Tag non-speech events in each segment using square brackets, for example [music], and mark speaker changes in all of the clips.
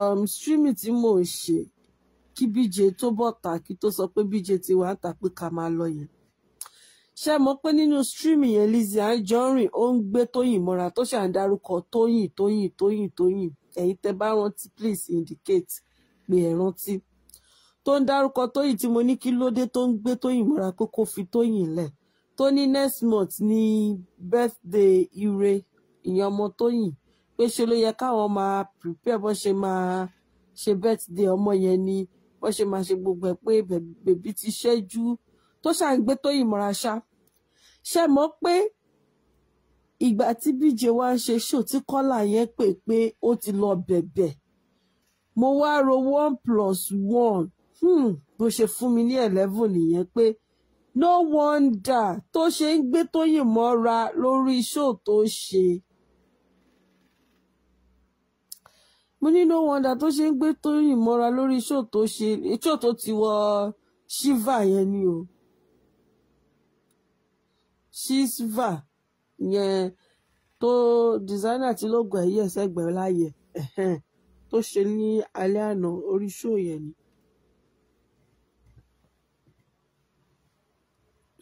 Speaker 1: um, streaming tí mò ń ṣe kí BJ tó bọ̀ ta kí tó sọ pé BJ ti wà ń ta pé ká máa lọ yẹn ṣe mọ̀ pé nínú streaming yẹn Lizzy Anjorin ó ń gbé Tóyìn mọ́ra tó ṣà ń dárúkọ Tóyìn Tóyìn Tóyìn Tóyìn ẹ̀yin tẹ́ bá rántí please indicate pé ẹ rántí tó ń dárúkọ Tóyìn tí mo ní kí lóde tó ń gbé Tóyìn mọ́ra pé kó fi Tóyìn lẹ̀ tó ní next month ní birthday ire ìyẹn ọmọ Tóyìn pé ṣe ló yẹ káwọn máa prepare bó ṣe máa ṣe birthday ọmọ yẹn ni bó ṣe máa ṣe gbogbo ẹ pé bèbí ti ṣẹ́jú tó ṣáà ń gbé tó ìmọ̀ra ṣá ṣe mọ̀ pé ìgbà tí bíje wa ń ṣe ṣò tí kọ́là yẹn pè pé ó ti lọ bẹ̀bẹ̀ mo wá ro one plus one hmm, bó ṣe fún mi ní eleven nìyẹn pé no wonder tó ṣe ń gbé Tóyìn mọ́ra lórí ṣó tó ṣe mo ní no wonder tó ṣe ń gbé Tóyìn mọ́ra lórí ṣó tó ṣe ṣó tó ti wọ ṣífà yẹn ni o Shiva yẹn tó dìsáínà tí ló gbà yí ẹsẹ gbẹ láàyè tó ṣe ní alẹ́ àná orí ṣó yẹn ni.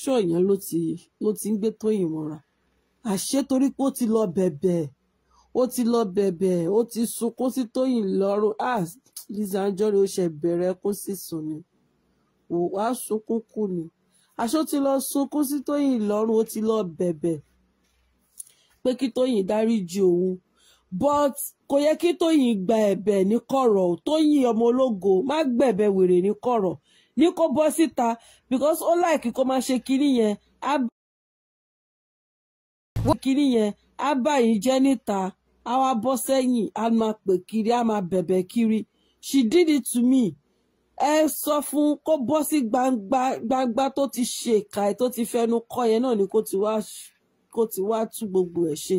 Speaker 1: ṣó yẹn ló ti ló ti ń gbé Tóyìn mọ́ra àṣé torí pé ó ti lọ bẹ̀bẹ̀ ó ti lọ bẹ̀bẹ̀ ó ti sunkún sí Tóyìn lọ́rùn ah Lizzy Anjorin ó ṣe bẹ̀rẹ̀ ẹkún sísun ni wà á sunkún kù ni aṣọ ti lọ sunkún sí Tóyìn lọ́rùn ó ti lọ bẹ̀bẹ̀ pé kí Tóyìn dáríjì òun but kò yẹ kí Tóyìn gba ẹ̀bẹ̀ ní kọ̀rọ̀ Tóyìn ọmọ ológo má gbẹ̀bẹ̀ wèrè ní kọ̀rọ̀ ní kó bọ́ síta because ó láìkí kó máa ṣe kinní yẹn á bá kinní yẹn á bá yìí jẹ́ níta a wá bọ́ sẹ́yìn a máa pè kiri a máa bẹ̀bẹ̀ kiri she did it to me ẹ sọ fún kó bọ́ sí gbangba gbangba tó ti ṣe ìka ẹ̀ tó ti fẹnu kọ́ yẹn náà ni kó ti wá kó ti wá tú gbogbo ẹ̀ ṣe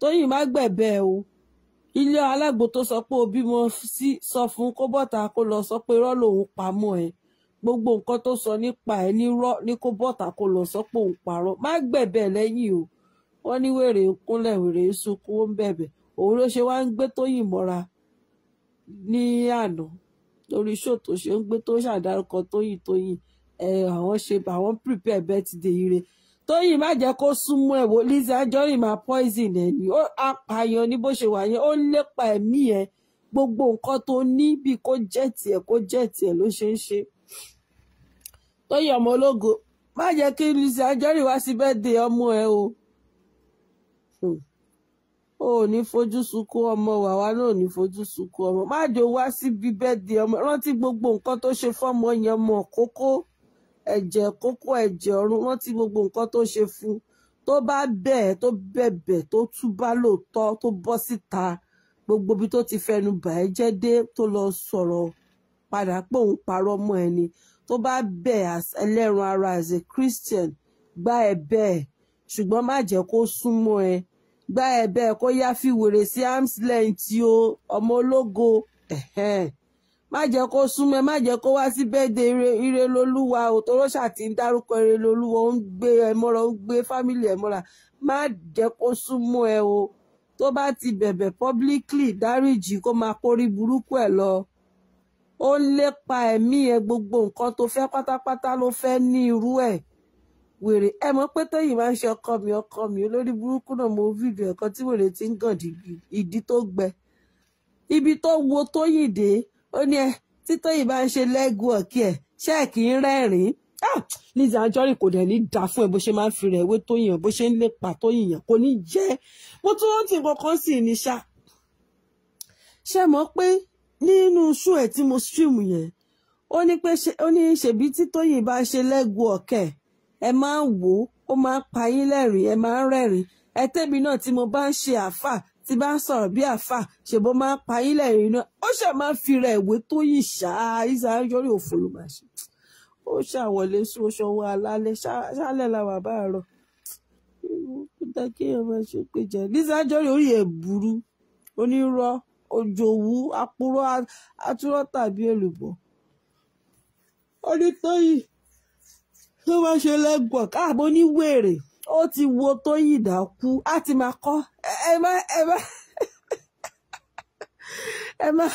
Speaker 1: Tóyìn má gbẹ̀bẹ̀ o ilé alágbo tó sọ pé o bímọ sí sọ fún kó bọ́ta kó lọ sọ pé irọ́ lòun pamọ́ ẹ̀ gbogbo nǹkan tó sọ nípa ẹ̀ nírọ́ ní kó bọ́ta kó lọ sọ pé òun parọ́ má gbẹ̀bẹ̀ lẹ́yìn o wọ́n ní wèrè ń kúnlẹ̀ wèrè ń sunkún ó ń bẹ̀bẹ̀ òun ló ṣe wá ń gbé Tóyìn mọ́ra ní àná lórí show tó ṣe ń gbé tó ṣàdárúkọ Tóyìn Tóyìn ẹ àwọn ṣe àwọn prepare birthday ire Tóyìn má jẹ́ kó súnmọ́ ẹ̀ wò Lizzy Anjorin máa poison ẹ̀ ni ó apààyàn ní bó ṣe wà yẹn ó lépa ẹ̀mí ẹ̀ gbogbo nǹkan tó ní bí kó jẹ́ tiẹ̀ kó jẹ́ tiẹ̀ ló ṣe ń ṣe Tóyìn ọmọ ológo má jẹ́ kí Lizzy Anjorin wá sí birthday ọmọ ẹ̀ o. Hmm ò ní fojú sunkún ọmọ wàwa náà ò ní fojú sunkún ọmọ má jò wá síbi bẹ́ẹ̀dì ọmọ rántí gbogbo nǹkan tó ṣe fọ́mọ yẹn mọ̀ kókó ẹ̀jẹ̀ kókó ẹ̀jẹ̀ ọ̀run rántí gbogbo nǹkan tó ṣe fún tó bá bẹ́ẹ̀ tó bẹ̀bẹ̀ tó túbá lóòótọ́ tó bọ́ síta gbogbo ibi tó ti fẹnu bà ẹ́ jẹ́ dé tó lọ sọ̀rọ̀ padà pé òun parọ́ mọ́ ẹni tó bá bẹ̀ ẹlẹ́ran ara as a Christian gbá ẹ bẹ́ẹ̀ ṣùgbọ́n má jẹ́ kó súnmọ́ ẹ gba ẹ̀bẹ̀ kó yá fi wèrè sí arms length o ọmọ ológo má jẹ́ kó súnmọ́ má jẹ́ kó wá sí bẹ́ẹ̀dẹ̀ Ìrẹ̀lólúwa òtòrọ́ṣà tí ń dárúkọ Ìrẹ̀lólúwa ó ń gbé ẹ mọ́ra ó ń gbé fámìlì ẹ má jẹ́ kó súnmọ́ ẹ o tó bá ti bẹ̀bẹ̀ publicly dáríjì kó máa kórí burúkú ẹ̀ lọ ó ń lépa ẹ̀mí ẹ gbogbo nǹkan tó fẹ́ pátápátá ló fẹ́ ní irú ẹ̀ wèrè ẹ mọ̀ pé tóyìn máa ń ṣe ọkọ mi ọkọ mi olórí burúkú náà mo fídíò ẹ̀kan tí wèrè ti ń gàn ìdí tó gbẹ ibi tó wo tóyìn dé ó ní ẹ tí tóyìn bá ń ṣe lẹ́gùn ọ̀kí ẹ̀ ṣẹ́ẹ̀kì ń rẹ́rìn-ín ah! Lizzy Anjorin kò dẹ̀ ní dá fún ẹ bó ṣe máa ń fi rẹ̀ wé tóyìn ẹ bó ṣe ń lépa tóyìn yẹn kò ní jẹ́ mo tún rántí kankan sí ní ṣá ṣe mọ̀ pé nínú ṣú ẹ̀ tí mo stream yẹn ó ní ṣèbí tí tóyìn bá ṣe lẹ́gùn ọ̀kẹ́ ẹ̀ ẹ máa ń wò ó ó máa ń pa yín lẹ́rìn ẹ máa ń rẹ́rìn ẹ tẹ́bi náà tí mo bá ń ṣe àáfà tí bá ń sọ̀rọ̀ bí àáfà ṣèbó máa ń pa yín lẹ́rìn náà ó ṣà máa ń fi ra ìwé tó yì ṣáá ìṣá yọrí òfò ló máa ṣe ó ṣàwọlé sún oṣù wọn alálẹ́ ṣálẹ̀ làwọn àbá rọ̀ ó dá kéèyàn máa ṣe pé jẹ́ Lizzy Anjorin orí burú onírọ́ òjòwú àpòrọ̀ àtúrọ̀ tàbí èlùbọ̀ ó tó yìí tó bá ṣe lẹ́gbọ̀n káàbọ̀ ní wèrè ó ti wo Tóyìn Ìdákú á ti máa kọ́ ẹ má ẹ má [laughs] ẹ má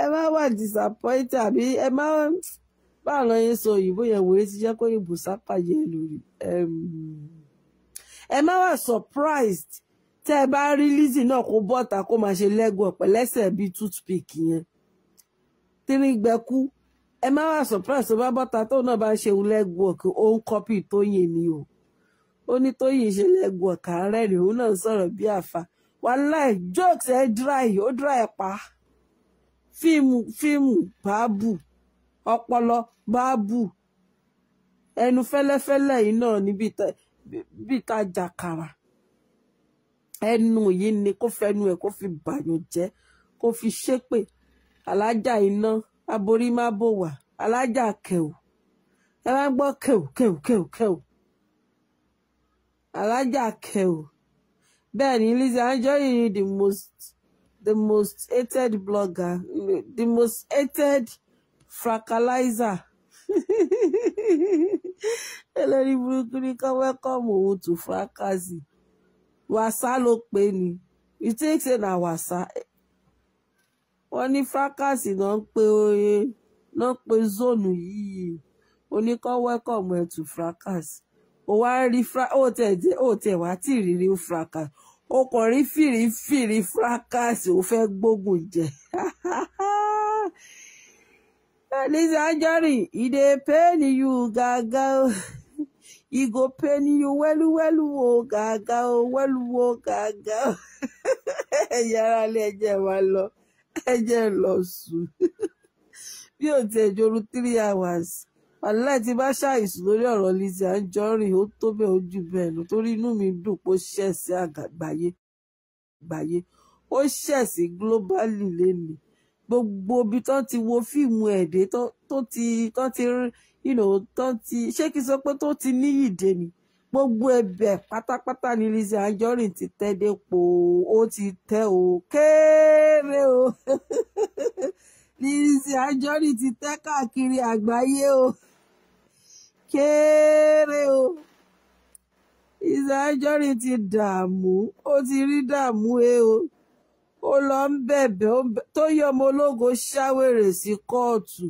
Speaker 1: ẹ má wà disappointed àbí ẹ má báwọn yẹn sọ òyìnbó yẹn wòye ti jẹ́ kó yìnbó sápà yẹ lórí ẹ má wà surprised tẹ́ ẹ bá rí Lizzy náà kó bọ́ta kó máa ṣe lẹ́gbọ̀n pẹ̀lẹ́sẹ̀ bíi toothpick yẹn tírín gbẹkú ẹ má wá surprise tó bá bọ́ta tó náà bá ṣe òun lẹ́gbọ̀ọ̀kì ó ń kọ́pì Tóyìn ni o ó ní Tóyìn ṣe lẹ́gbọ̀ọ̀kì àárẹ̀ ni òun náà sọ̀rọ̀ bí àfa wàláì jokes ẹ dry ó dry pa fíìmù fíìmù báàbù ọpọlọ báàbù ẹnu fẹ́lẹ́fẹ́lẹ́ yìí náà níbi ìta jàkàrà ẹnu yìí ni kó fẹnu ẹ kó fi bàyàn jẹ́ kó fi ṣépè alájà iná aborí má bò wá alájà kẹ̀ù ẹ bá ń gbọ́ kẹ̀ù kẹ̀ù kẹ̀ù kẹ̀ù alájà kẹ̀ù bẹ́ẹ̀ ni Lizzy Anjorin ni the most the most hated blogger the most hated fracalizer olórí [laughs] burúkú ní kọ́ wẹ́kọ̀mù òun tó fracasi wàsá ló pè ní you think say na wàsá wọ́n ní fracas náà ń pe oye náà pe zone yìí oníkan welcome ẹ̀ to fracas ó wá rí ó tẹ̀ tẹ̀ wá tí ìrírí fracas rí fìrí o fẹ́ gbógun jẹ. [laughs] Lizzy Anjorin, e dey pain you gaga o. E go pain you wẹ́lú wẹ́lú o gaga o wẹ́lú o gaga [laughs] ẹ jẹ́ lọ sùn [laughs] bí ò tiẹ̀ joru three hours wàláì tí bá ṣàìsùn lórí ọ̀rọ̀ Lizzy Anjorin ó tó bẹ́ẹ̀ ó jù bẹ́ẹ̀ nù torí inú mi dùn pé ó ṣẹ̀ sí àgbáyé àgbáyé ó ṣẹ̀ sí globally lẹ́nu gbogbo ibi tó ti wo fíìmù ẹ̀dẹ́ tó ti tó ti you know tó ti ṣé kí n sọ pé tó ti níyìí dé ni gbogbo ẹ̀bẹ̀ pátápátá ni Lizzy Anjorin ti tẹ́ dépò ó ti tẹ́ o kéré o [laughs] Lizzy Anjorin ti tẹ́ káàkiri àgbáyé o kéré o Lizzy Anjorin ti dààmú ó ti rí dààmú e o ó lọ ń bẹ̀bẹ̀ tó yọ ọmọ ológo ṣáwèrè sí kóòtù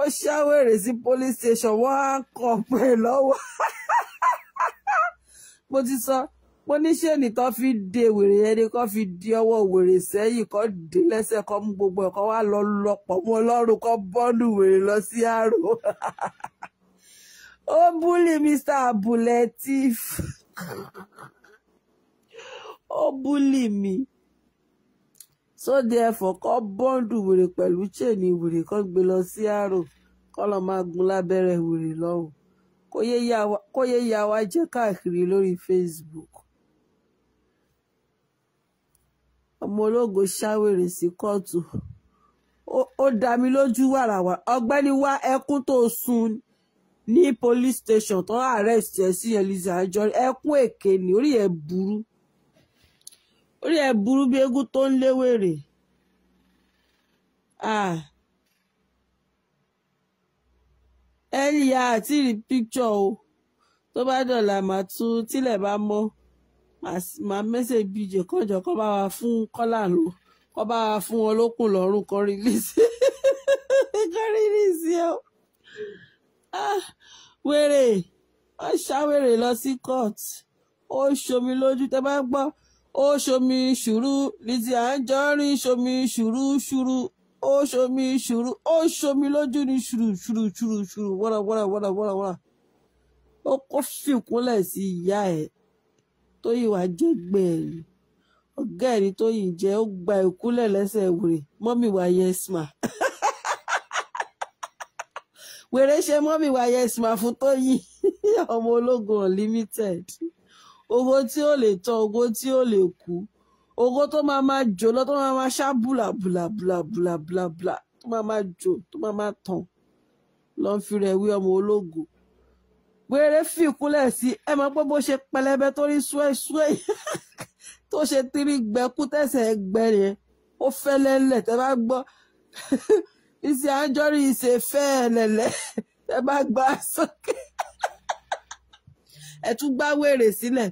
Speaker 1: ó ṣáwèrè sí police station wọ́n á kàn pé lọ́wọ́. [laughs] mo ti sọ mo ní ṣéènì tó fi de wèrè yẹn ni kó fi di ọwọ́ wèrè sẹ́yìn kó dé lẹ́sẹ̀ kó mú gbogbo ẹ̀ kó wá lọ lọ́pọ̀ mọ́ ọlọ́run kó bọ́ọ̀lù wèrè lọ sí àrò [laughs] ó búlì Mr. Abulatif [laughs] ó búlì mi so therefore kó bọ́ọ̀lù wèrè pẹ̀lú ṣéènì wèrè kó gbé lọ sí àrò kó lọ́ọ́ máa gun lábẹ́rẹ́ wèrè lọ́hùn kó yéé yá wa jẹ káàkiri lórí Facebook ọmọ ológo ṣáwèrè sí kóòtù ó dá mi lójú wàràwà ọ̀gbẹ́ni wá ẹkún tó sun ní police station tó arrest ẹ sí Eliza Anjorin ẹkún èké ni orí ẹ burú orí ẹ burú bí eégún tó ń léwèrè. Ah. earlier àti rí picture o tó bá dọ̀là màá tún tílẹ̀ bá mọ́ màá mẹ́sẹ̀ bíjẹ̀ kọ́jọ́ kọ́ bá wa fún kọ́là lò kọ́ bá wa fún wọn lókùn lọ́rùn kọ́ rìlíìsì kọ́ rìlíìsì o ah, wèrè wọ́n ṣàwèrè lọ sí court ó ṣomi lójú tẹ́ bá gbọ́ ó ṣomi ṣùrù Lizzy Anjorin ṣomi ṣùrù ṣùrù ó ṣomi ṣùrù ó ṣomi lójú ni ṣùrù ṣùrù ṣùrù ṣùrù wọ́rà wọ́rà wọ́rà wọ́rà wọ́rà ó kó fìkúnlẹ̀ sí ìyá ẹ̀ tó yìí wàá jẹ́ gbẹ̀ ẹ̀ ni ọ̀gá ẹ̀ ni tó yìí jẹ́ ó gba ìkúnlẹ̀ lẹ́sẹ̀ wèrè mọ́mì wa yes ma [laughs] wèrè ṣe mọ́mì wa yes ma fún tó yìí [laughs] ọmọ ológun unlimited owó tí ó lè tán owó tí ó lè kú ògo tó máa máa jò lọ tó máa máa ṣá bùlà bùlà bùlà bùlà bùlà bùlà tó máa máa jò tó máa máa tàn lọ ń fi rẹ̀ wí ọmọ ológo wéré fìkúnlẹ̀ sí ẹ máa pé bó ṣe pẹlẹbẹ tó rí ṣúẹṣúẹ [laughs] tó ṣe tírí gbẹ kú tẹsẹ̀ gbẹ yẹn ó fẹ́ lẹ́lẹ̀ tẹ́ bá gbọ́ iṣẹ́ [laughs] àjọrí ìṣe fẹ́ lẹ́lẹ̀ tẹ́ bá gbà sókè [laughs] ẹ tún gbá wèrè sílẹ̀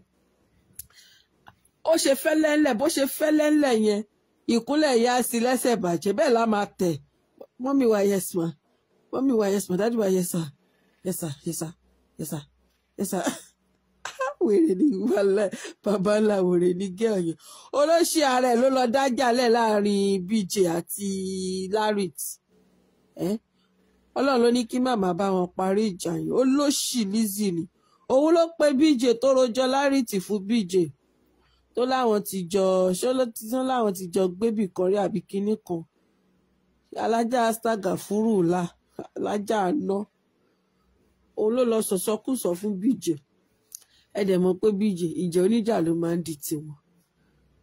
Speaker 1: ó ṣe fẹ́lẹ́ ńlẹ̀ bó ṣe fẹ́lẹ́ ńlẹ̀ yẹn ìkúnlẹ̀ yá sí lẹ́sẹ̀ bàjẹ́ bẹ́ẹ̀ la máa tẹ̀ mọ́mí wa yes ma mọ́mí wa yes ma dádì wa yes sir yes sir yes sir yes sir yes sir [laughs] wèrè ní bàbá ńlá wèrè ní gẹ́ọ̀yàn olóṣì ààrẹ ló lọ dájàlẹ̀ láàrin BJ àti Larrit ọlọ́run ló ní kí màmá bá wọn parí ìjà yìí olóṣì Lizzy ni òun ló pe BJ tó rojọ́ Larrit fún BJ tó láwọn ti jọ ṣọlọ́tìtàn láwọn ti jọ gbébì kan rí àbí kinní kan alájà astaga fúrúùlà alájà àná òun ló lọ sọ̀sọ́kùsọ fún bíjẹ́ ẹ dẹ̀ mọ̀ pé bíjẹ́ ìjẹ́ oníjà ló máa ń di tiwọn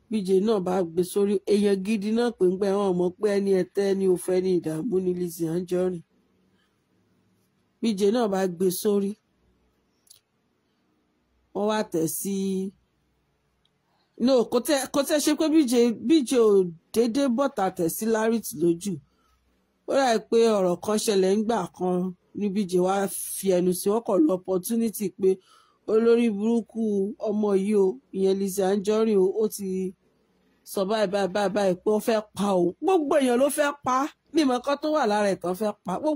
Speaker 1: bíjẹ́ náà bá gbé sórí èèyàn gidi náà pé ń pẹ́ wọn mọ̀ pé ẹni ẹ̀tẹ́ ni ò fẹ́ ní ìdààmú ní Lizzy Anjorin bíjẹ́ náà bá gbé sórí wọ́n wá tẹ̀ sí. Si, no kò tẹ kò tẹ ṣe pé bíje bíje ò déédéé bọ́tà tẹ̀sí Larrit lójú ó rà pé ọ̀rọ̀ kan ṣẹlẹ̀ ńgbà kan ní bíje wá fi ẹnu sí ọkọ̀ lọ opportunity pé olórí burúkú ọmọ yìí o ìyẹn Lizzy Anjorin o ó ti sọ báyìí báyìí báyìí pé ó fẹ́ pa òun gbogbo èèyàn ló fẹ́ pa mímọ́kọ́ tó wà lára ẹ̀ tán fẹ́ pa gbogbo.